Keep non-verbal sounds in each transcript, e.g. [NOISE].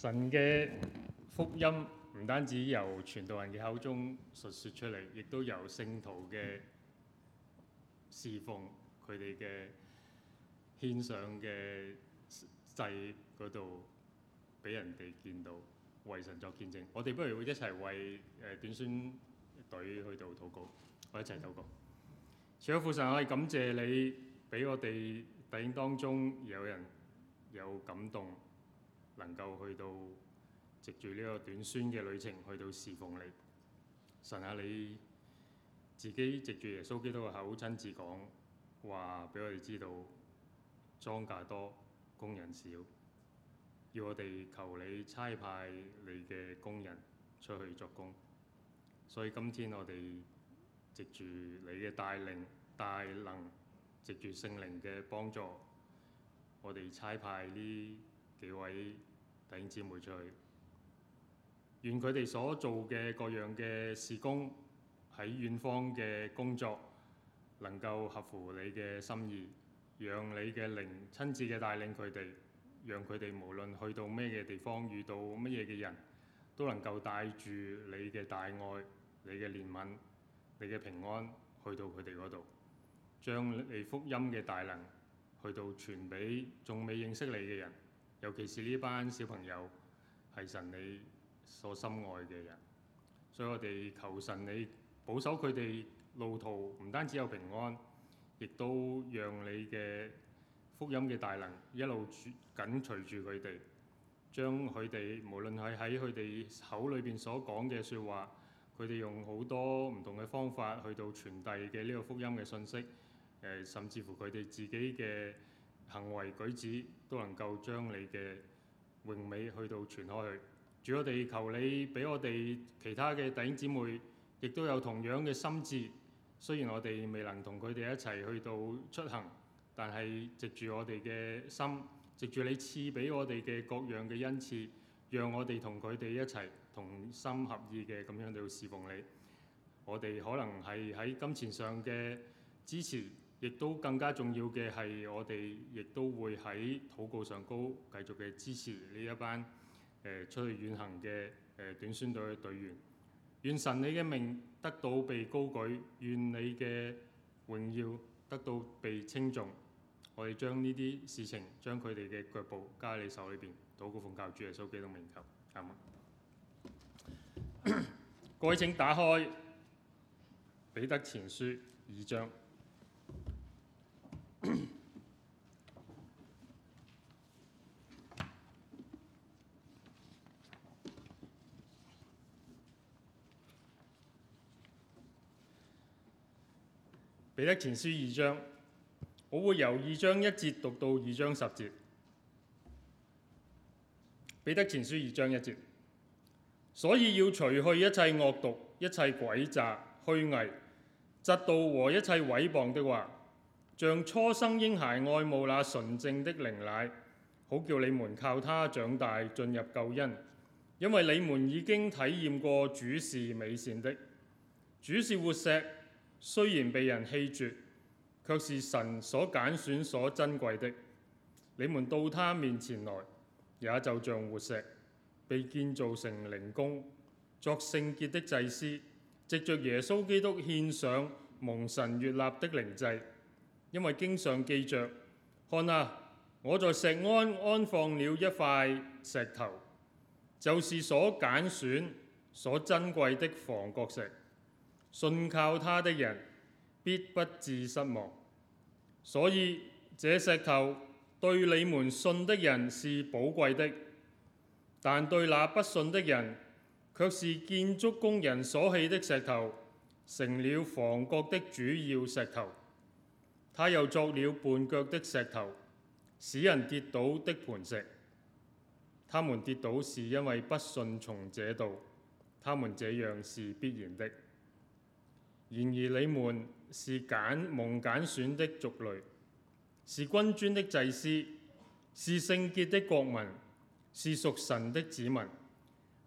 神嘅福音唔單止由傳道人嘅口中述說出嚟，亦都由聖徒嘅侍奉、佢哋嘅獻上嘅祭嗰度俾人哋見到，為神作見證。我哋不如會一齊為誒短宣隊去度禱告，我一齊禱告。除咗父神，我哋感謝你俾我哋，弟兄當中有人有感動。能夠去到，藉住呢個短宣嘅旅程去到侍奉你，神啊，你自己藉住耶穌基督嘅口親自講話俾我哋知道，莊稼多工人少，要我哋求你差派你嘅工人出去作工。所以今天我哋藉住你嘅帶領、帶領，藉住聖靈嘅幫助，我哋差派呢幾位。弟兄姊妹在，願佢哋所做嘅各樣嘅事工，喺遠方嘅工作，能夠合乎你嘅心意，讓你嘅靈親自嘅帶領佢哋，讓佢哋無論去到咩嘅地方，遇到乜嘢嘅人，都能夠帶住你嘅大愛、你嘅憐憫、你嘅平安去到佢哋嗰度，將你福音嘅大能去到傳俾仲未認識你嘅人。尤其是呢班小朋友係神你所深愛嘅人，所以我哋求神你保守佢哋路途，唔單止有平安，亦都讓你嘅福音嘅大能一路緊隨住佢哋，將佢哋無論係喺佢哋口裏邊所講嘅説話，佢哋用好多唔同嘅方法去到傳遞嘅呢個福音嘅信息，誒、呃，甚至乎佢哋自己嘅行為舉止。都能夠將你嘅榮美去到傳開去。主我哋求你俾我哋其他嘅弟兄姊妹，亦都有同樣嘅心志。雖然我哋未能同佢哋一齊去到出行，但係藉住我哋嘅心，藉住你賜俾我哋嘅各樣嘅恩賜，讓我哋同佢哋一齊同心合意嘅咁樣去侍奉你。我哋可能係喺金錢上嘅支持。亦都更加重要嘅係我哋亦都會喺禱告上高繼續嘅支持呢一班誒、呃、出去遠行嘅誒、呃、短宣隊嘅隊員。願神你嘅名得到被高舉，願你嘅榮耀得到被稱頌。我哋將呢啲事情，將佢哋嘅腳步加喺你手裏邊，禱告奉教主耶穌基督名頭。啱嗎？各位請打開彼得前書二章。彼得前書二章，我會由二章一節讀到二章十節。彼得前書二章一節。所以要除去一切惡毒、一切詭詐、虛偽、嫉妒和一切毀謗的話，像初生嬰孩愛慕那純正的靈奶，好叫你們靠他長大，進入救恩。因為你們已經體驗過主是美善的，主是活石。雖然被人棄絕，卻是神所揀選所珍貴的。你們到他面前來，也就像活石，被建造成靈宮，作聖潔的祭司，藉着耶穌基督獻上蒙神悅納的靈祭。因為經上記着：「看啊，我在錫安安放了一塊石頭，就是所揀選所珍貴的房角石。信靠他的人必不致失望，所以這石頭對你們信的人是寶貴的，但對那不信的人，卻是建築工人所棄的石頭，成了房角的主要石頭。他又作了絆腳的石頭，使人跌倒的磐石。他們跌倒是因為不信從這道，他們這樣是必然的。然而你們是揀蒙揀選的族類，是君尊的祭司，是聖潔的國民，是屬神的子民，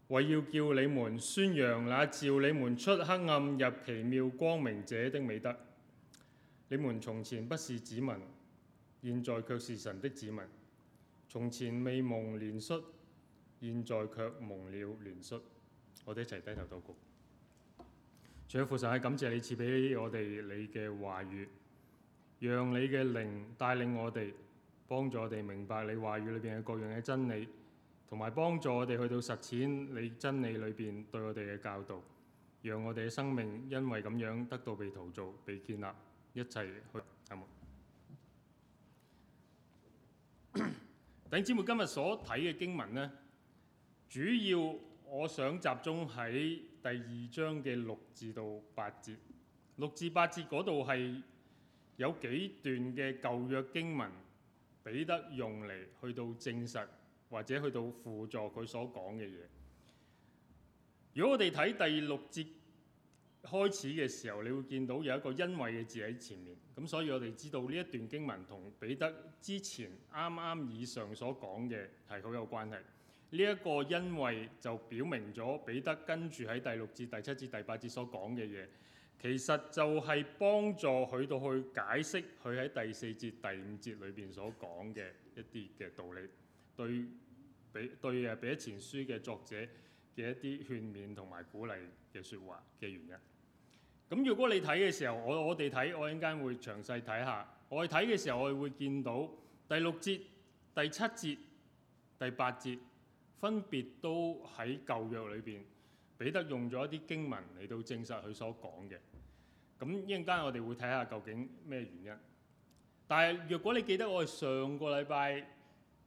為要叫你們宣揚那召你們出黑暗入奇妙光明者的美德。你們從前不是子民，現在卻是神的子民；從前未蒙憐恤，現在卻蒙了憐恤。我哋一齊低頭禱告。主啊，除父神，感謝你賜俾我哋你嘅話語，讓你嘅靈帶領我哋，幫助我哋明白你話語裏邊嘅各樣嘅真理，同埋幫助我哋去到實踐你真理裏邊對我哋嘅教導，讓我哋嘅生命因為咁樣得到被陶造、被建立，一齊去。弟兄姊妹， [COUGHS] 今日所睇嘅經文呢，主要我想集中喺。第二章嘅六至到八節，六至八節嗰度係有幾段嘅舊約經文，彼得用嚟去到證實或者去到輔助佢所講嘅嘢。如果我哋睇第六節開始嘅時候，你會見到有一個「因為」嘅字喺前面，咁所以我哋知道呢一段經文同彼得之前啱啱以上所講嘅係好有關係。呢一個因為就表明咗彼得跟住喺第六節、第七節、第八節所講嘅嘢，其實就係幫助佢到去解釋佢喺第四節、第五節裏邊所講嘅一啲嘅道理，對俾對啊彼得前書嘅作者嘅一啲勸勉同埋鼓勵嘅説話嘅原因。咁如果你睇嘅時候，我我哋睇我一陣間會詳細睇下。我哋睇嘅時候，我哋會見到第六節、第七節、第八節。分別都喺舊約裏邊，彼得用咗一啲經文嚟到證實佢所講嘅。咁一陣間我哋會睇下究竟咩原因。但係若果你記得我哋上個禮拜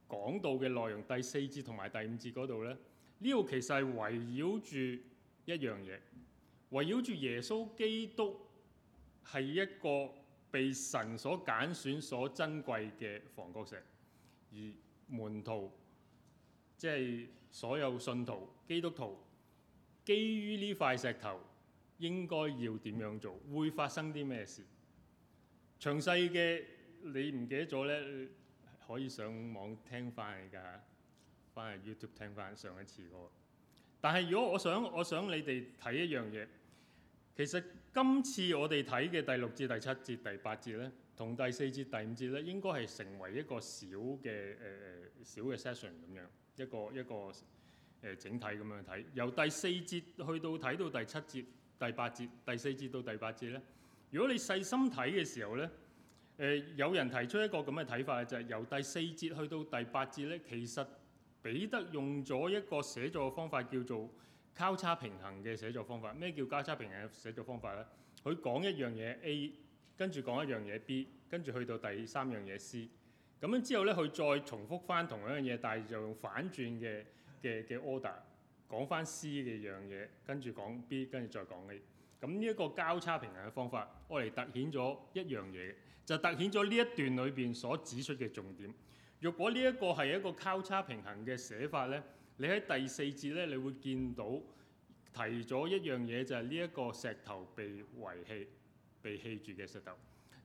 講到嘅內容，第四節同埋第五節嗰度呢，呢度其實係圍繞住一樣嘢，圍繞住耶穌基督係一個被神所揀選、所珍貴嘅房角石，而門徒。即係所有信徒基督徒，基於呢塊石頭應該要點樣做？會發生啲咩事？詳細嘅你唔記得咗咧，可以上網聽翻嚟㗎，翻嚟 YouTube 聽翻上一次個。但係如果我想，我想你哋睇一樣嘢，其實今次我哋睇嘅第六節、第七節、第八節咧。同第四節第五節咧，應該係成為一個小嘅誒誒小嘅 session 咁樣，一個一個誒、呃、整體咁樣睇。由第四節去到睇到第七節、第八節，第四節到第八節咧，如果你細心睇嘅時候咧，誒、呃、有人提出一個咁嘅睇法嘅就係、是、由第四節去到第八節咧，其實彼得用咗一個寫作方法叫做交叉平衡嘅寫作方法。咩叫交叉平衡嘅寫作方法咧？佢講一樣嘢 A。跟住講一樣嘢 B，跟住去到第三樣嘢 C，咁樣之後呢，佢再重複翻同一樣嘢，但係就用反轉嘅嘅 order 講翻 C 嘅一樣嘢，跟住講 B，跟住再講 A 這這。咁呢一,一,一個交叉平衡嘅方法，我嚟突顯咗一樣嘢，就突顯咗呢一段裏邊所指出嘅重點。若果呢一個係一個交叉平衡嘅寫法呢，你喺第四節呢，你會見到提咗一樣嘢，就係呢一個石頭被遺棄。被棄住嘅石頭，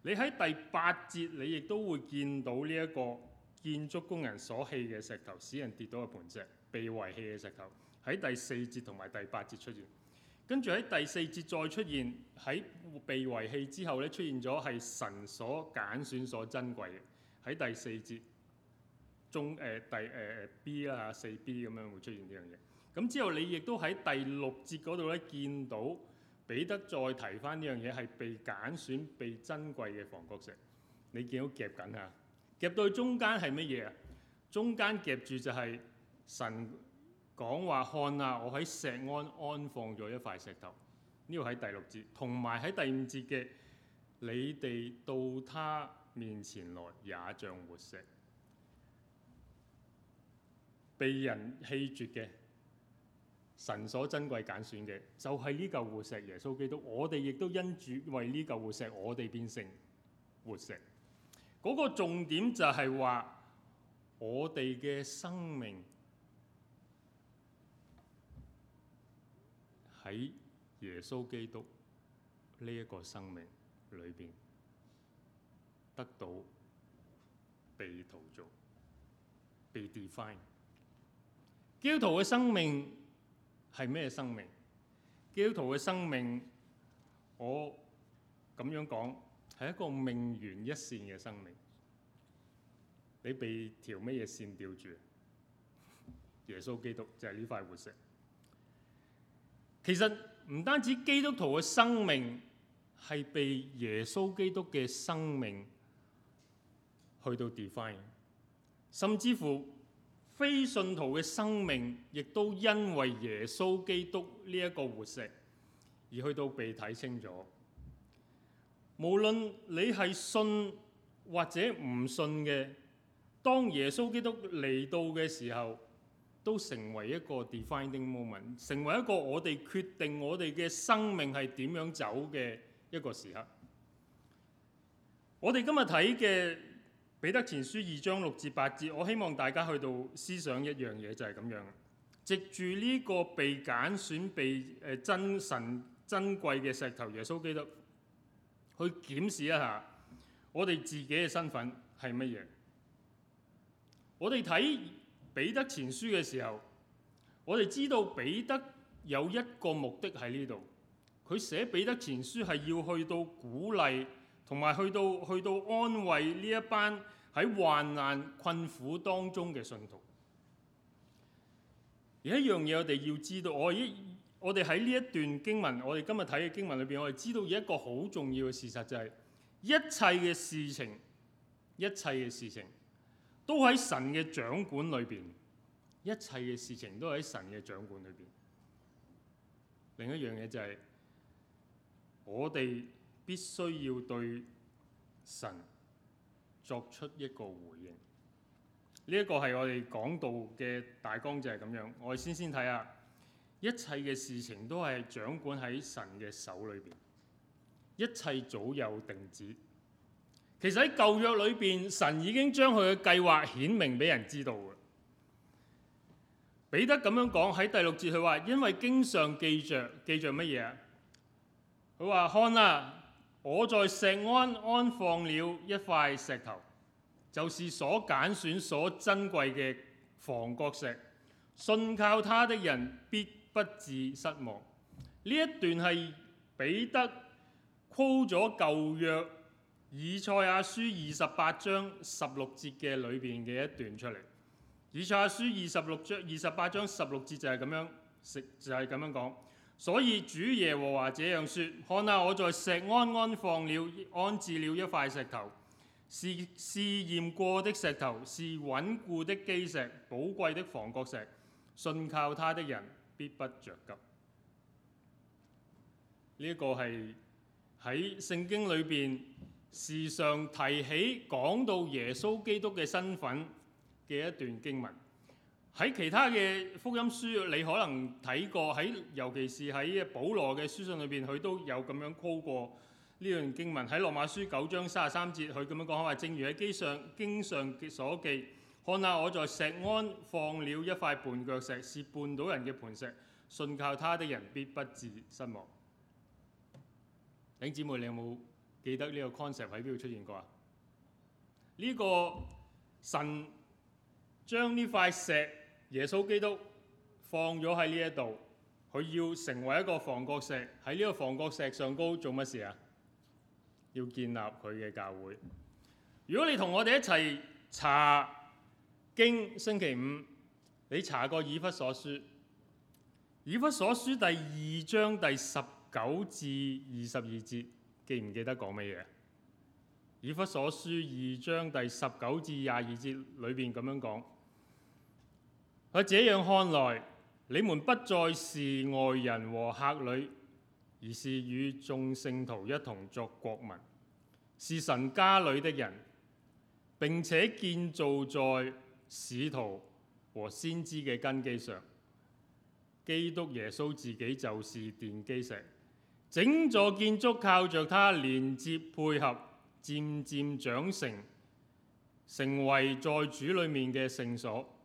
你喺第八節你亦都會見到呢一個建築工人所棄嘅石頭，使人跌倒嘅磐石，被遺棄嘅石頭，喺第四節同埋第八節出現。跟住喺第四節再出現喺被遺棄之後咧，出現咗係神所揀選所珍貴嘅。喺第四節中誒、呃、第誒、呃呃、B 啦四 B 咁樣會出現呢樣嘢。咁之後你亦都喺第六節嗰度咧見到。彼得再提翻呢樣嘢係被揀選、被珍貴嘅房角石。你見到夾緊啊？夾到中間係乜嘢啊？中間夾住就係神講話看啊！我喺錫安安放咗一塊石頭。呢個喺第六節，同埋喺第五節嘅你哋到他面前來也像活石，被人棄絕嘅。神所珍貴揀選嘅就係呢嚿活石，耶穌基督。我哋亦都因主為呢嚿活石，我哋變成活石。嗰、那個重點就係話，我哋嘅生命喺耶穌基督呢一個生命裏邊得到被塑造、被 define。基督徒嘅生命。係咩生命？基督徒嘅生命，我咁樣講，係一個命懸一綫嘅生命。你被條咩嘢綫吊住？耶穌基督就係呢塊活石。其實唔單止基督徒嘅生命係被耶穌基督嘅生命去到吊翻，甚至乎。非信徒嘅生命亦都因為耶穌基督呢一個活石而去到被睇清楚。無論你係信或者唔信嘅，當耶穌基督嚟到嘅時候，都成為一個 defining moment，成為一個我哋決定我哋嘅生命係點樣走嘅一個時刻。我哋今日睇嘅。彼得前書二章六至八節，我希望大家去到思想一樣嘢，就係咁樣。藉住呢個被揀選、被誒真神珍貴嘅石頭耶穌基督，去檢視一下我哋自己嘅身份係乜嘢。我哋睇彼得前書嘅時候，我哋知道彼得有一個目的喺呢度，佢寫彼得前書係要去到鼓勵。同埋去到去到安慰呢一班喺患難困苦當中嘅信徒。而一樣嘢，我哋要知道，我一我哋喺呢一段經文，我哋今日睇嘅經文裏邊，我哋知道一個好重要嘅事實、就是，就係一切嘅事情，一切嘅事,事情都喺神嘅掌管裏邊，一切嘅事情都喺神嘅掌管裏邊。另一樣嘢就係、是、我哋。必須要對神作出一個回應。呢一個係我哋講道嘅大綱，就係、是、咁樣。我哋先先睇下，一切嘅事情都係掌管喺神嘅手裏邊，一切早有定旨。其實喺舊約裏邊，神已經將佢嘅計劃顯明俾人知道嘅。彼得咁樣講喺第六節，佢話：因為經常記着記着乜嘢？佢話看啊！我在錫安安放了一塊石頭，就是所揀選所珍貴嘅房角石。信靠他的人必不至失望。呢一段係彼得 quote 咗舊約以賽亞書二十八章十六節嘅裏邊嘅一段出嚟。以賽亞書二十六章、二十八章十六節就係咁樣，就係、是、咁樣講。所以主耶和華這樣說：看下我在錫安安放了、安置了一塊石頭，是試驗過的石頭，是穩固的基石、寶貴的房角石。信靠他的人必不着急。呢、這、一個係喺聖經裏邊時常提起、講到耶穌基督嘅身份嘅一段經文。喺其他嘅福音書，你可能睇過，喺尤其是喺保羅嘅書信裏邊，佢都有咁樣 call 過呢段經文。喺羅馬書九章三十三節，佢咁樣講：正如喺經上經上所記，看下我在石安放了一塊絆腳石，是絆倒人嘅磐石，信靠他的人必不致失望。弟兄姊妹，你有冇記得呢個 concept 喺邊度出現過啊？呢、這個神將呢塊石。耶穌基督放咗喺呢一度，佢要成為一個房角石，喺呢個房角石上高做乜事啊？要建立佢嘅教會。如果你同我哋一齊查經星期五，你查過以弗所書，以弗所書第二章第十九至二十二節，記唔記得講乜嘢？以弗所書二章第十九至廿二節裏邊咁樣講。喺這樣看來，你們不再是外人和客旅，而是與眾聖徒一同作國民，是神家裏的人。並且建造在使徒和先知嘅根基上。基督耶穌自己就是奠基石，整座建築靠著他連接配合，漸漸長成，成為在主裡面嘅聖所。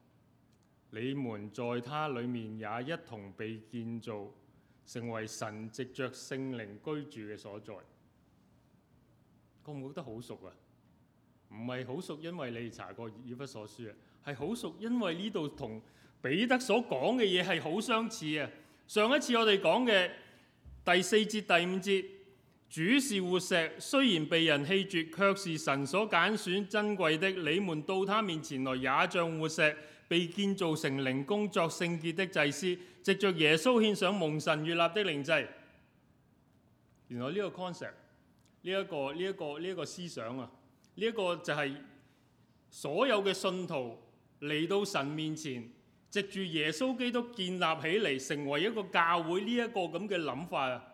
你們在他裏面也一同被建造，成為神藉着聖靈居住嘅所在。覺唔覺得好熟啊？唔係好熟，因為你查過《以弗所書》啊，係好熟，因為呢度同彼得所講嘅嘢係好相似啊。上一次我哋講嘅第四節第五節，主是活石，雖然被人棄絕，卻是神所揀選、珍貴的。你們到他面前來，也像活石。被建造成靈宮，作聖潔的祭司，藉着耶穌獻上蒙神悅立的靈祭。原來呢個 concept，呢一個呢一個呢一個思想啊，呢一個就係所有嘅信徒嚟到神面前，藉住耶穌基督建立起嚟，成為一個教會呢一個咁嘅諗法啊，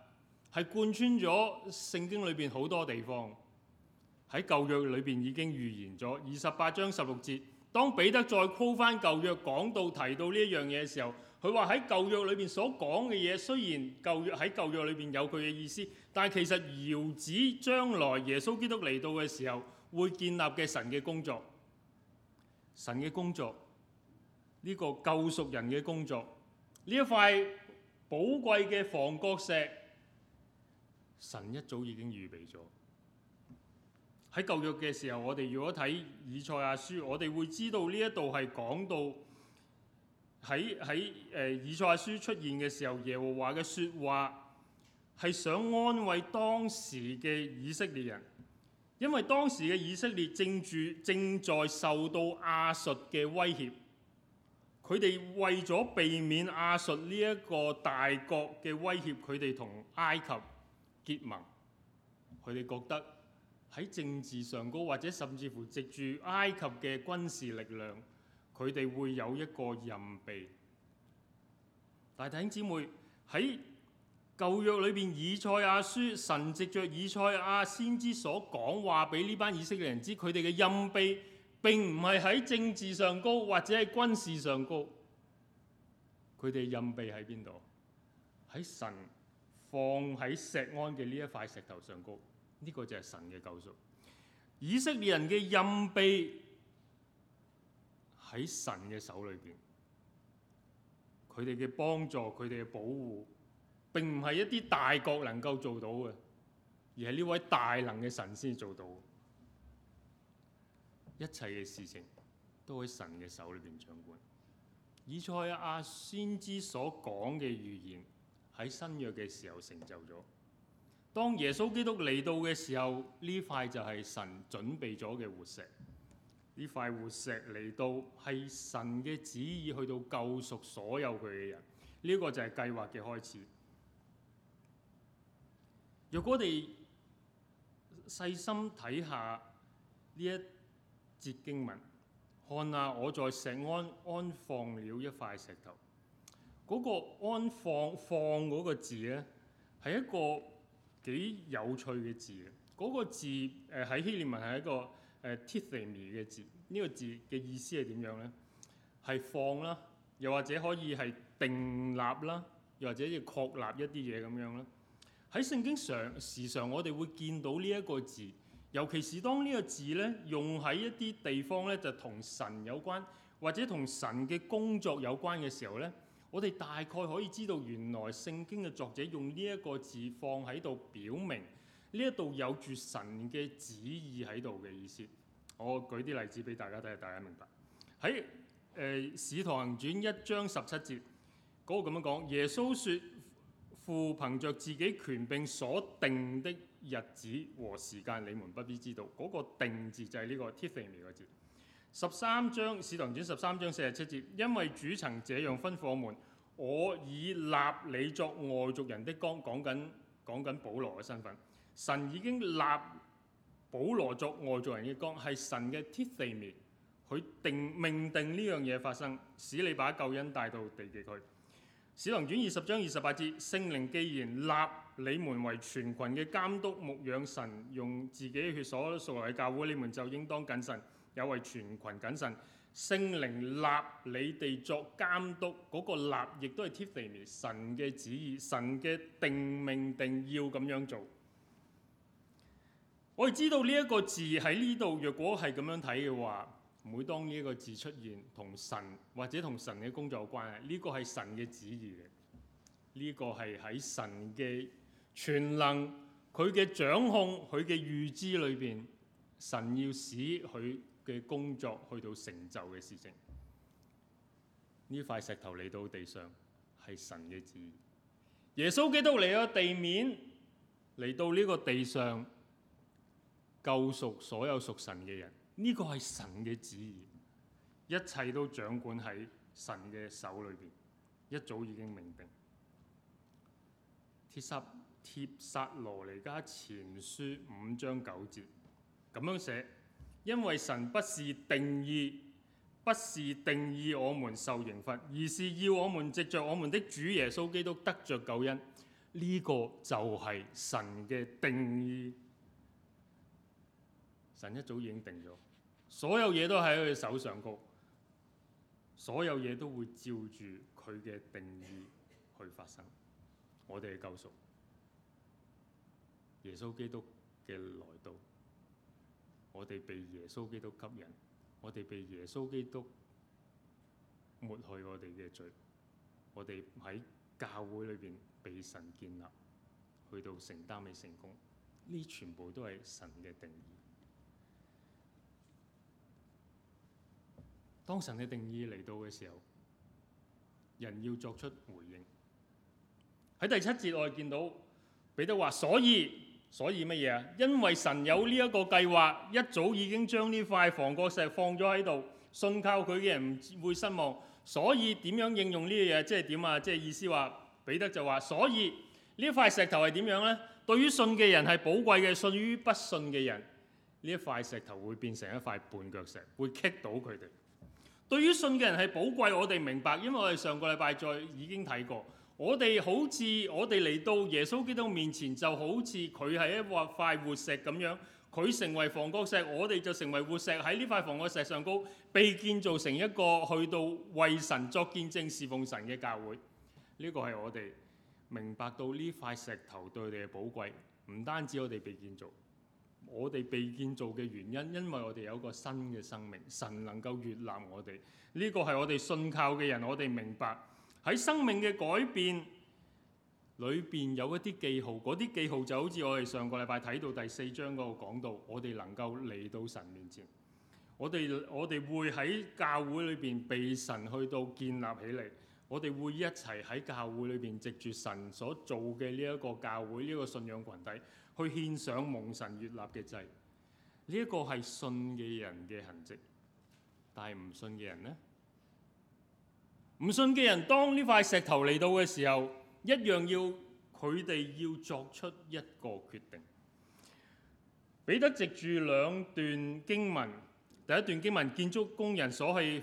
係貫穿咗聖經裏邊好多地方。喺舊約裏邊已經預言咗二十八章十六節。當彼得再 call 翻舊約講到提到呢一樣嘢嘅時候，佢話喺舊約裏邊所講嘅嘢，雖然舊約喺舊約裏邊有佢嘅意思，但係其實遙指將來耶穌基督嚟到嘅時候，會建立嘅神嘅工作，神嘅工作，呢、呢個救贖人嘅工作，呢一塊寶貴嘅房角石，神一早已經預備咗。喺舊約嘅時候，我哋如果睇以賽亞書，我哋會知道呢一度係講到喺喺誒以賽亞書出現嘅時候，耶和華嘅說話係想安慰當時嘅以色列人，因為當時嘅以色列正住正在受到亞述嘅威脅，佢哋為咗避免亞述呢一個大國嘅威脅，佢哋同埃及結盟，佢哋覺得，喺政治上高，或者甚至乎藉住埃及嘅軍事力量，佢哋會有一個任備。但係弟兄姊妹喺舊約裏邊，以賽亞書神藉着以賽亞先知所講話俾呢班以色列人知，佢哋嘅任備並唔係喺政治上高，或者喺軍事上高。佢哋任備喺邊度？喺神放喺石安嘅呢一塊石頭上高。呢個就係神嘅救贖，以色列人嘅任庇喺神嘅手裏邊，佢哋嘅幫助、佢哋嘅保護，並唔係一啲大國能夠做到嘅，而係呢位大能嘅神先做到。一切嘅事情都喺神嘅手裏邊掌管。以賽亞先知所講嘅預言喺新約嘅時候成就咗。當耶穌基督嚟到嘅時候，呢塊就係神準備咗嘅活石。呢塊活石嚟到係神嘅旨意，去到救贖所有佢嘅人。呢、這個就係計劃嘅開始。若果我哋細心睇下呢一節經文，看下我在錫安安放了一塊石頭，嗰、那個安放放嗰個字咧，係一個。幾有趣嘅字嘅，嗰、那個字誒喺希臘文係一個誒 tithemi 嘅字，呢、這個字嘅意思係點樣呢？係放啦，又或者可以係定立啦，又或者要確立一啲嘢咁樣啦。喺聖經上時常我哋會見到呢一個字，尤其是當呢個字呢用喺一啲地方呢，就同神有關，或者同神嘅工作有關嘅時候呢。我哋大概可以知道，原來聖經嘅作者用呢一個字放喺度，表明呢一度有住神嘅旨意喺度嘅意思。我舉啲例子俾大家睇下，大家明白。喺誒呃、《使徒行傳》一章十七節嗰個咁樣講，耶穌説：父憑着自己權柄所定的日子和時間，你們不必知道。嗰個定字就係呢個 Tiffany 個字。十三章，《使徒行傳》十三章四十七節，因為主曾這樣吩咐我們，我已立你作外族人的光。講緊、講緊保羅嘅身份，神已經立保羅作外族人嘅光，係神嘅 tithemi，佢定命定呢樣嘢發生，使你把救恩帶到地極去。《使徒行傳》二十章二十八節，聖靈既然立你們為全群嘅監督牧養神，用自己嘅血所屬嚟教會，你們就應當謹慎。有為全群謹慎，聖靈立你哋作監督，嗰、那個立亦都係 tithemi 神嘅旨意，神嘅定命定要咁樣做。我哋知道呢一個字喺呢度，若果係咁樣睇嘅話，每當呢一個字出現，同神或者同神嘅工作有關係，呢、這個係神嘅旨意嚟。呢、這個係喺神嘅全能、佢嘅掌控、佢嘅預知裏邊，神要使佢嘅工作去到成就嘅事情，呢塊石頭嚟到地上係神嘅旨意，耶穌基督嚟到地面嚟到呢個地上救贖所有屬神嘅人，呢個係神嘅旨意，一切都掌管喺神嘅手裏邊，一早已經命定。帖撒帖撒羅尼迦前書五章九節咁樣寫。因為神不是定義，不是定義我們受刑罰，而是要我們藉着我們的主耶穌基督得着救恩。呢、呢個就係神嘅定義。神一早已經定咗，所有嘢都喺佢手上高，所有嘢都會照住佢嘅定義去發生。我哋嘅救贖耶穌基督嘅來到。我哋被耶穌基督吸引，我哋被耶穌基督抹去我哋嘅罪，我哋喺教會裏邊被神建立，去到承擔嘅成功，呢全部都係神嘅定義。當神嘅定義嚟到嘅時候，人要作出回應。喺第七節我哋見到彼得話，所以。所以乜嘢啊？因為神有呢一個計劃，一早已經將呢塊房角石放咗喺度，信靠佢嘅人唔會失望。所以點樣應用呢個嘢？即係點啊？即係意思話，彼得就話：所以呢塊石頭係點樣呢？對於信嘅人係寶貴嘅，信於不信嘅人，呢一塊石頭會變成一塊絆腳石，會棘到佢哋。對於信嘅人係寶貴，我哋明白，因為我哋上個禮拜再已經睇過。我哋好似我哋嚟到耶穌基督面前，就好似佢係一塊活石咁樣。佢成為房角石，我哋就成為活石喺呢塊房角石上高被建造成一個去到為神作見證、侍奉神嘅教會。呢、這個係我哋明白到呢塊石頭對我哋係寶貴，唔單止我哋被建造，我哋被建造嘅原因，因為我哋有一個新嘅生命，神能夠悅納我哋。呢、這個係我哋信靠嘅人，我哋明白。喺生命嘅改變裏邊有一啲記號，嗰啲記號就好似我哋上個禮拜睇到第四章嗰個講到，我哋能夠嚟到神面前，我哋我哋會喺教會裏邊被神去到建立起嚟，我哋會一齊喺教會裏邊藉住神所做嘅呢一個教會呢一個信仰群體，去獻上蒙神悅納嘅祭，呢一個係信嘅人嘅痕跡，但係唔信嘅人呢？唔信嘅人，當呢塊石頭嚟到嘅時候，一樣要佢哋要作出一個決定。彼得藉住兩段經文，第一段經文，建築工人所棄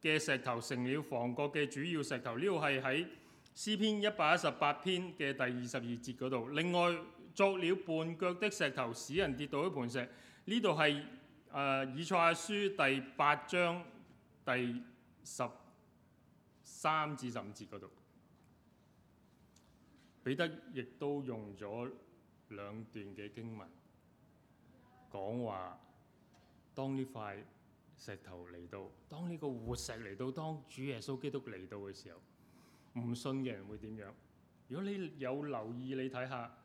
嘅石頭成了房角嘅主要石頭，呢個係喺詩篇一百一十八篇嘅第二十二節嗰度。另外，作了絆腳的石頭使人跌倒的磐石，呢度係誒以賽亞書第八章第十三至十五節嗰度，彼得亦都用咗兩段嘅經文講話，當呢塊石頭嚟到，當呢個活石嚟到，當主耶穌基督嚟到嘅時候，唔信嘅人會點樣？如果你有留意，你睇下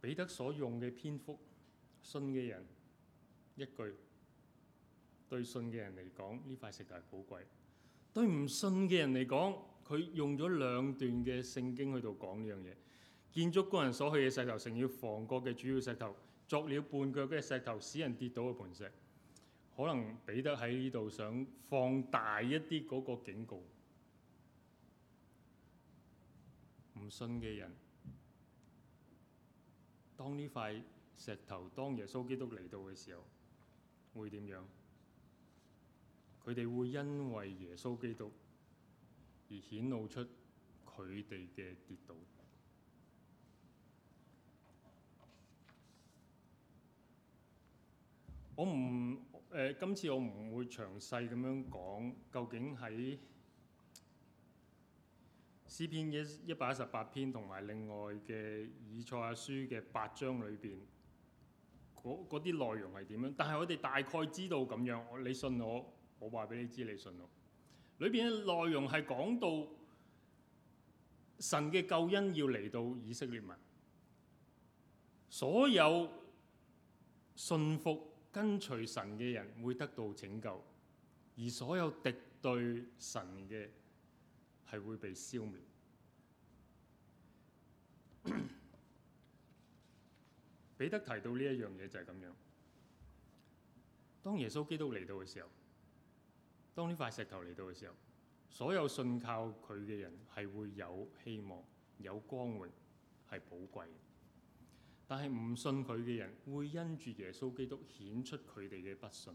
彼得所用嘅篇幅，信嘅人一句，對信嘅人嚟講，呢塊石頭係寶貴。對唔信嘅人嚟講，佢用咗兩段嘅聖經去度講呢樣嘢。建築工人所去嘅石頭，成要房角嘅主要石頭，作了絆腳嘅石頭，使人跌倒嘅磐石。可能彼得喺呢度想放大一啲嗰個警告。唔信嘅人，當呢塊石頭，當耶穌基督嚟到嘅時候，會點樣？佢哋會因為耶穌基督而顯露出佢哋嘅跌倒。我唔誒、呃，今次我唔會詳細咁樣講，究竟喺詩篇一一百一十八篇同埋另外嘅以賽亞書嘅八章裏邊，嗰啲內容係點樣？但係我哋大概知道咁樣，你信我。我話俾你知，你信咯。裏邊嘅內容係講到神嘅救恩要嚟到以色列民，所有信服跟隨神嘅人會得到拯救，而所有敵對神嘅係會被消滅。彼得 [COUGHS] 提到呢一樣嘢就係咁樣，當耶穌基督嚟到嘅時候。當呢塊石頭嚟到嘅時候，所有信靠佢嘅人係會有希望、有光榮，係寶貴嘅。但係唔信佢嘅人，會因住耶穌基督顯出佢哋嘅不信。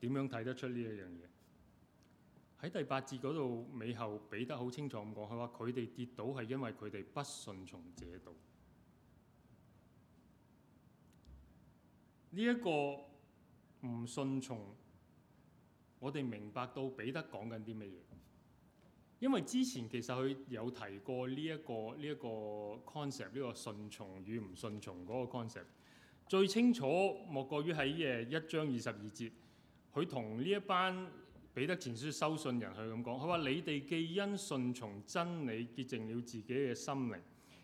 點樣睇得出呢一樣嘢？喺第八節嗰度尾後，彼得好清楚咁講，佢話佢哋跌倒係因為佢哋不順從這道。呢一個唔順從。我哋明白到彼得講緊啲乜嘢，因為之前其實佢有提過呢一個呢一個 concept，呢個順從與唔順從嗰個 concept，最清楚莫過於喺誒一章二十二節，佢同呢一班彼得前書收信人去咁講，佢話你哋既因順從真理潔淨了自己嘅心靈，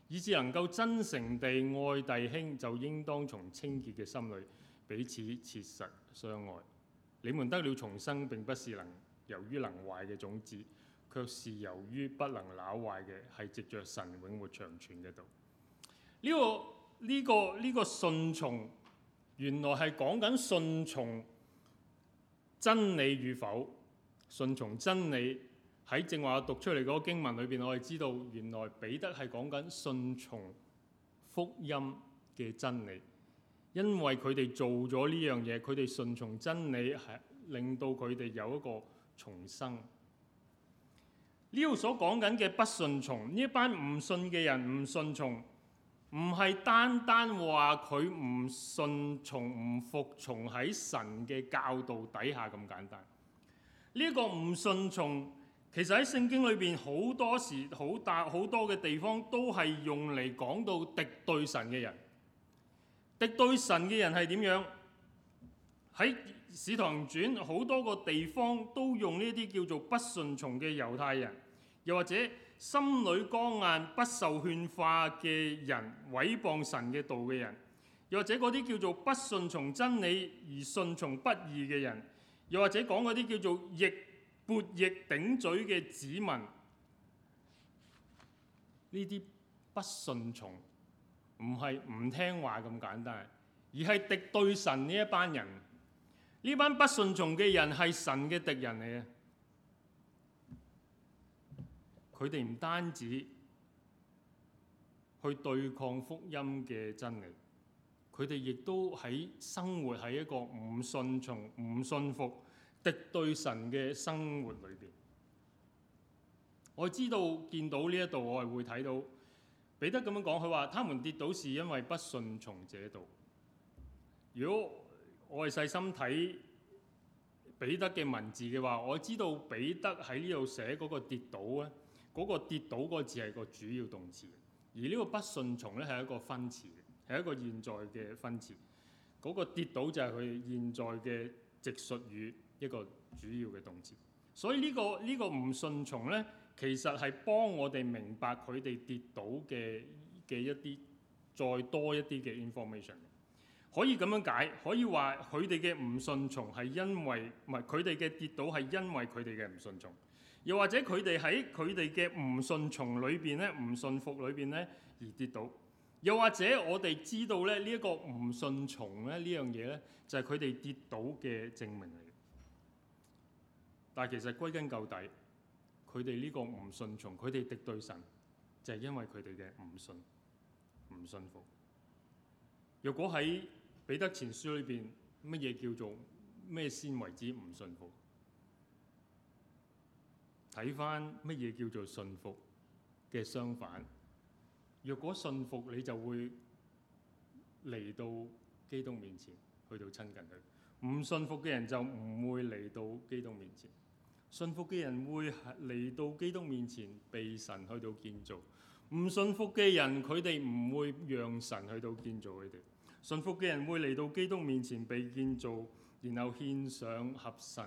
以致能夠真誠地愛弟兄，就應當從清潔嘅心裏彼此切實相愛。你們得了重生，並不是能由於能壞嘅種子，卻是由於不能朽壞嘅，係藉着神永活長存嘅道。呢個呢個呢個順從，原來係講緊順從真理與否。順從真理，喺正話讀出嚟嗰經文裏邊，我哋知道原來彼得係講緊順從福音嘅真理。因為佢哋做咗呢樣嘢，佢哋順從真理係令到佢哋有一個重生。呢度所講緊嘅不順從，呢班唔信嘅人唔順從，唔係單單話佢唔順從、唔服從喺神嘅教導底下咁簡單。呢個唔順從其實喺聖經裏邊好多時好大好多嘅地方都係用嚟講到敵對神嘅人。敵對神嘅人係點樣？喺《史堂傳》好多個地方都用呢啲叫做不順從嘅猶太人，又或者心裏剛硬、不受勸化嘅人，毀謗神嘅道嘅人，又或者嗰啲叫做不順從真理而順從不義嘅人，又或者講嗰啲叫做逆撥逆頂嘴嘅子民，呢啲不順從。唔係唔聽話咁簡單，而係敵對神呢一班人。呢班不順從嘅人係神嘅敵人嚟嘅。佢哋唔單止去對抗福音嘅真理，佢哋亦都喺生活喺一個唔順從、唔信服、敵對神嘅生活裏邊。我知道見到呢一度，我係會睇到。彼得咁樣講，佢話：他們跌倒是因為不順從這道。如果我係細心睇彼得嘅文字嘅話，我知道彼得喺呢度寫嗰個跌倒啊，嗰、那個跌倒嗰個字係個主要動詞，而呢個不順從咧係一個分詞，係一個現在嘅分詞。嗰、那個跌倒就係佢現在嘅直述語一個主要嘅動詞。所以、這個這個、呢個呢個唔順從咧，其實係幫我哋明白佢哋跌倒嘅嘅一啲再多一啲嘅 information，可以咁樣解，可以話佢哋嘅唔順從係因為唔係佢哋嘅跌倒係因為佢哋嘅唔順從，又或者佢哋喺佢哋嘅唔順從裏邊咧，唔順服裏邊咧而跌倒，又或者我哋知道咧呢一個唔順從咧呢樣嘢咧，就係佢哋跌倒嘅證明嚟。但係其實歸根究底。佢哋呢個唔順從，佢哋敵對神，就係、是、因為佢哋嘅唔信、唔信服。若果喺彼得前書裏邊，乜嘢叫做咩先為之唔信服？睇返乜嘢叫做信服嘅相反。若果信服，你就會嚟到基督面前，去到親近佢。唔信服嘅人就唔會嚟到基督面前。信服嘅人會嚟到基督面前被神去到建造，唔信服嘅人佢哋唔會讓神去到建造佢哋。信服嘅人會嚟到基督面前被建造，然後獻上合神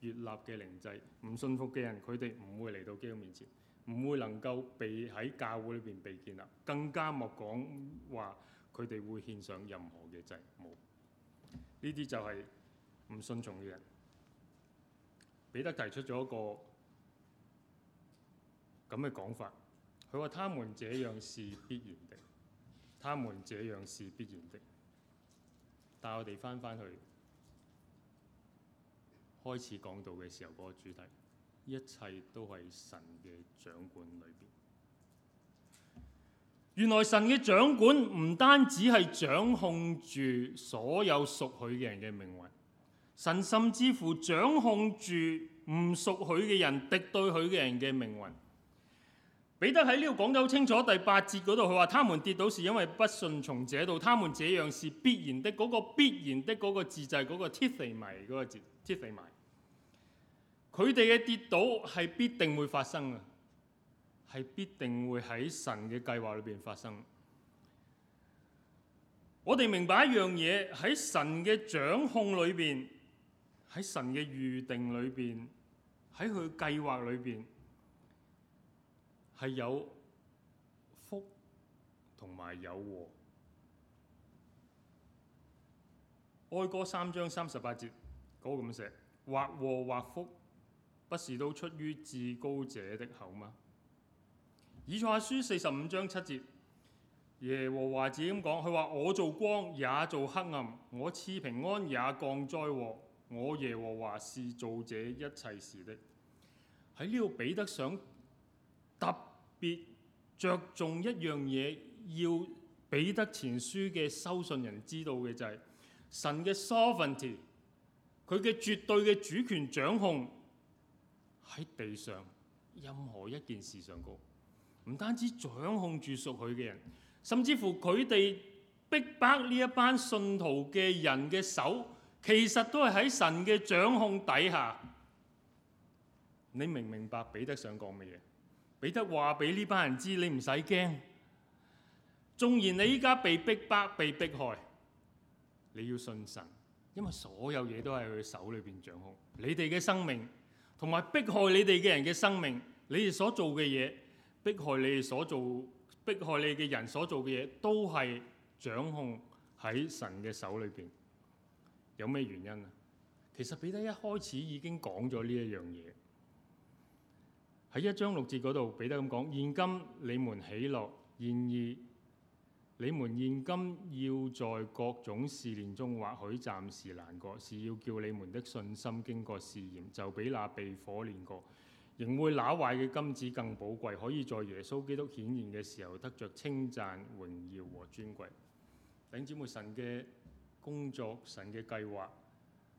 悅納嘅靈祭。唔信服嘅人佢哋唔會嚟到基督面前，唔會能夠被喺教會裏邊被建立，更加莫講話佢哋會獻上任何嘅祭。冇呢啲就係唔信從嘅人。彼得提出咗一個咁嘅講法，佢話：他們這樣是必然的，他們這樣是必然的。但我哋翻翻去開始講到嘅時候嗰個主題，一切都係神嘅掌管裏邊。原來神嘅掌管唔單止係掌控住所有屬佢嘅人嘅命運。神甚至乎掌控住唔屬佢嘅人，敵對佢嘅人嘅命運。彼得喺呢度講得好清楚，第八節嗰度，佢話：他們跌倒是因為不順從這道，他們這樣是必然的。嗰、嗰個必然的嗰個字就係，嗰個 tithy 迷嗰個字 tithy 迷。佢哋嘅跌倒係必定會發生嘅，係必定會喺神嘅計劃裏邊發生。我哋明白一樣嘢喺神嘅掌控裏邊。喺神嘅預定裏邊，喺佢計劃裏邊係有福同埋有禍。哀歌三章三十八節嗰個咁寫，或禍或福，不是都出於至高者的口嗎？以賽亞書四十五章七節，耶和華子咁講：佢話我做光也做黑暗，我賜平安也降災禍。我耶和華是做這一切事的。喺呢度彼得想特別着重一樣嘢，要彼得前書嘅收信人知道嘅就係神嘅 sovereignty，佢嘅絕對嘅主權掌控喺地上任何一件事上高，唔單止掌控住屬佢嘅人，甚至乎佢哋逼迫呢一班信徒嘅人嘅手。其實都係喺神嘅掌控底下，你明唔明白？彼得想講乜嘢？彼得話俾呢班人知，你唔使驚。縱然你依家被逼迫，被迫害，你要信神，因為所有嘢都係佢手裏邊掌控。你哋嘅生命，同埋迫害你哋嘅人嘅生命，你哋所做嘅嘢，迫害你哋所做、迫害你嘅人所做嘅嘢，都係掌控喺神嘅手裏邊。有咩原因啊？其實彼得一開始已經講咗呢一樣嘢，喺一章六節嗰度，彼得咁講：現今你們喜樂，然而你們現今要在各種試煉中，或許暫時難過，是要叫你們的信心經過試驗，就比那被火煉過、仍會攪壞嘅金子更寶貴，可以在耶穌基督顯現嘅時候得着稱讚、榮耀和尊貴。頂姊妹神嘅。工作神嘅計劃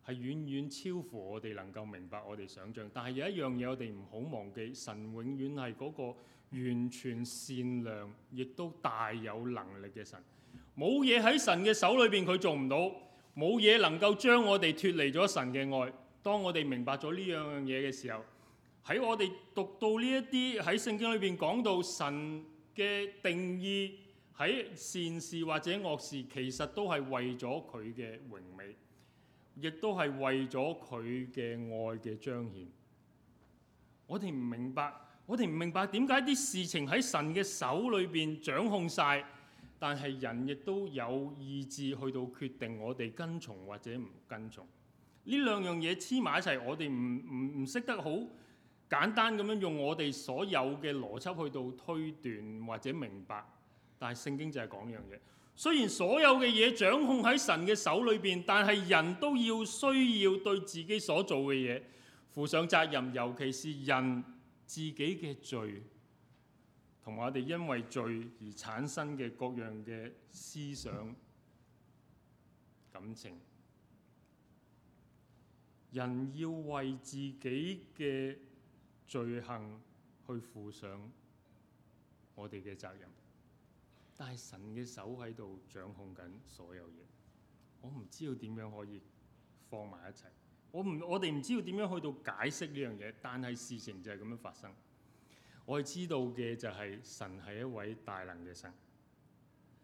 係遠遠超乎我哋能夠明白、我哋想象，但係有一樣嘢我哋唔好忘記，神永遠係嗰個完全善良，亦都大有能力嘅神。冇嘢喺神嘅手裏邊佢做唔到，冇嘢能夠將我哋脱離咗神嘅愛。當我哋明白咗呢樣嘢嘅時候，喺我哋讀到呢一啲喺聖經裏邊講到神嘅定義。喺善事或者惡事，其實都係為咗佢嘅榮美，亦都係為咗佢嘅愛嘅彰顯。我哋唔明白，我哋唔明白點解啲事情喺神嘅手裏邊掌控晒，但係人亦都有意志去到決定我哋跟從或者唔跟從。呢兩樣嘢黐埋一齊，我哋唔唔唔識得好簡單咁樣用我哋所有嘅邏輯去到推斷或者明白。但係聖經就係講呢樣嘢。雖然所有嘅嘢掌控喺神嘅手裏邊，但係人都要需要對自己所做嘅嘢負上責任，尤其是人自己嘅罪同埋我哋因為罪而產生嘅各樣嘅思想、感情。人要為自己嘅罪行去負上我哋嘅責任。但係神嘅手喺度掌控緊所有嘢，我唔知道點樣可以放埋一齊。我唔我哋唔知道點樣去到解釋呢樣嘢，但係事情就係咁樣發生。我係知道嘅就係神係一位大能嘅神，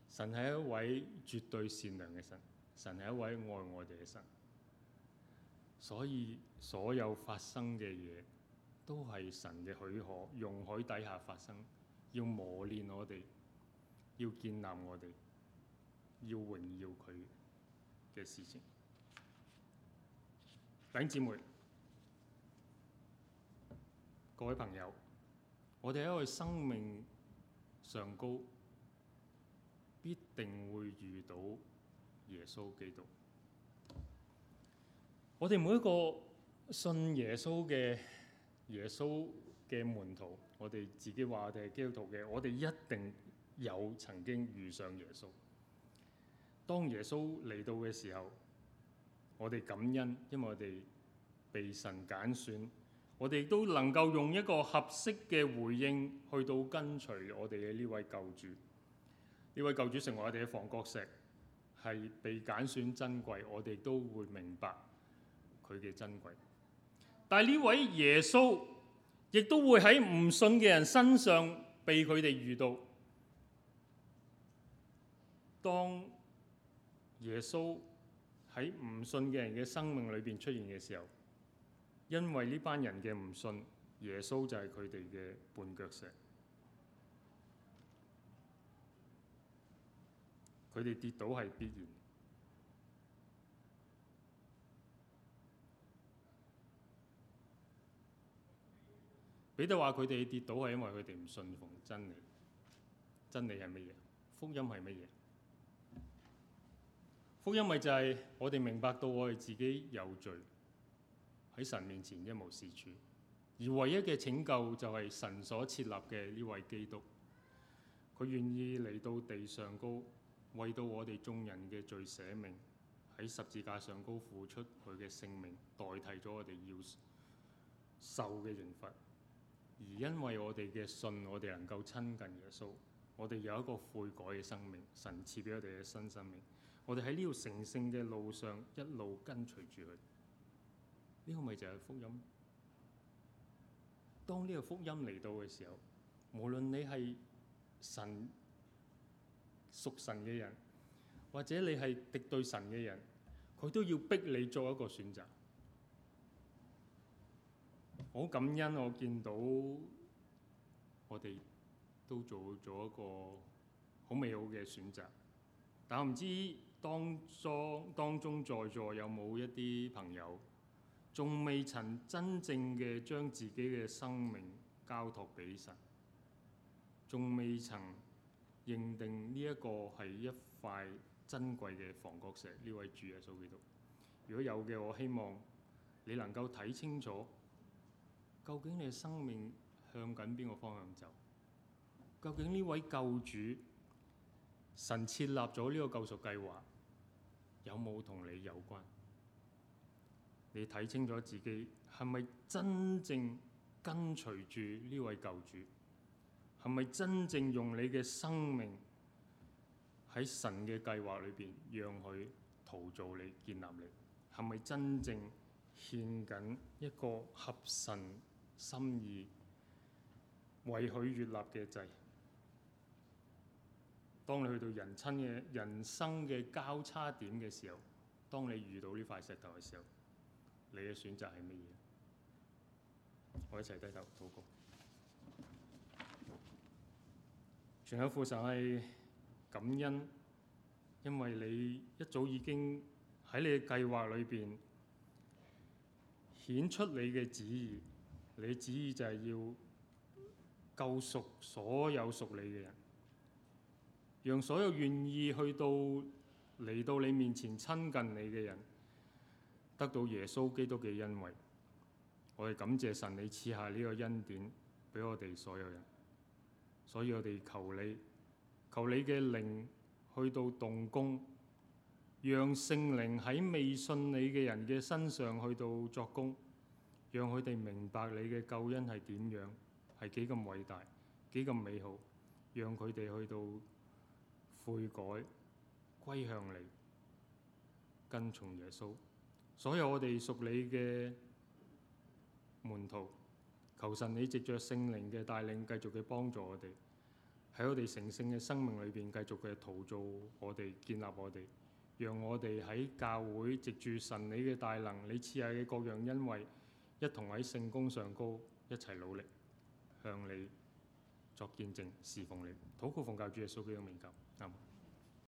神係一位絕對善良嘅神，神係一位愛我哋嘅神。所以所有發生嘅嘢都係神嘅許可，容許底下發生，要磨練我哋。要建立我哋，要榮耀佢嘅事情。弟兄姊妹，各位朋友，我哋喺佢生命上高，必定會遇到耶穌基督。我哋每一個信耶穌嘅耶穌嘅門徒，我哋自己話我哋係基督徒嘅，我哋一定。有曾經遇上耶穌。當耶穌嚟到嘅時候，我哋感恩，因為我哋被神揀選，我哋亦都能夠用一個合適嘅回應去到跟隨我哋嘅呢位救主。呢位救主成為我哋嘅房角石，係被揀選珍貴，我哋都會明白佢嘅珍貴。但係呢位耶穌，亦都會喺唔信嘅人身上被佢哋遇到。當耶穌喺唔信嘅人嘅生命裏邊出現嘅時候，因為呢班人嘅唔信，耶穌就係佢哋嘅絆腳石。佢哋跌倒係必然。彼得話：佢哋跌倒係因為佢哋唔信奉真理。真理係乜嘢？福音係乜嘢？福音咪就係我哋明白到我哋自己有罪，喺神面前一無是處，而唯一嘅拯救就係神所設立嘅呢位基督。佢願意嚟到地上高，為到我哋眾人嘅罪捨命，喺十字架上高付出佢嘅性命，代替咗我哋要受嘅刑罰，而因為我哋嘅信，我哋能夠親近耶穌，我哋有一個悔改嘅生命。神賜俾我哋嘅新生命。我哋喺呢條成聖嘅路上一路跟隨住佢，呢個咪就係福音。當呢個福音嚟到嘅時候，無論你係神屬神嘅人，或者你係敵對神嘅人，佢都要逼你做一個選擇。好感恩，我見到我哋都做咗一個好美好嘅選擇，但我唔知。當中中在座有冇一啲朋友，仲未曾真正嘅將自己嘅生命交託俾神，仲未曾認定呢一個係一塊珍貴嘅房角石？呢位主耶穌基督？如果有嘅，我希望你能夠睇清楚，究竟你嘅生命向緊邊個方向走？究竟呢位救主神設立咗呢個救贖計劃？有冇同你有關？你睇清楚自己係咪真正跟隨住呢位救主？係咪真正用你嘅生命喺神嘅計劃裏邊，讓佢陶造你、建立你？係咪真正獻緊一個合神心意、為佢悅納嘅祭？當你去到人親嘅人生嘅交叉點嘅時候，當你遇到呢塊石頭嘅時候，你嘅選擇係乜嘢？我一齊低頭禱告。全響父神係感恩，因為你一早已經喺你嘅計劃裏邊顯出你嘅旨意。你嘅旨意就係要救贖所有屬你嘅人。讓所有願意去到嚟到你面前親近你嘅人，得到耶穌基督嘅恩惠。我哋感謝神，你賜下呢個恩典俾我哋所有人。所以我哋求你，求你嘅靈去到動工，讓聖靈喺未信你嘅人嘅身上去到作工，讓佢哋明白你嘅救恩係點樣，係幾咁偉大，幾咁美好，讓佢哋去到，悔改、歸向你、跟從耶穌。所有我哋屬你嘅門徒，求神你藉着聖靈嘅帶領，繼續嘅幫助我哋喺我哋成聖嘅生命裏邊，繼續嘅陶造我哋、建立我哋，讓我哋喺教會藉住神你嘅大能、你賜下嘅各樣恩惠，一同喺聖工上高，一齊努力向你作見證、侍奉你。禱告奉救主耶穌基督名求。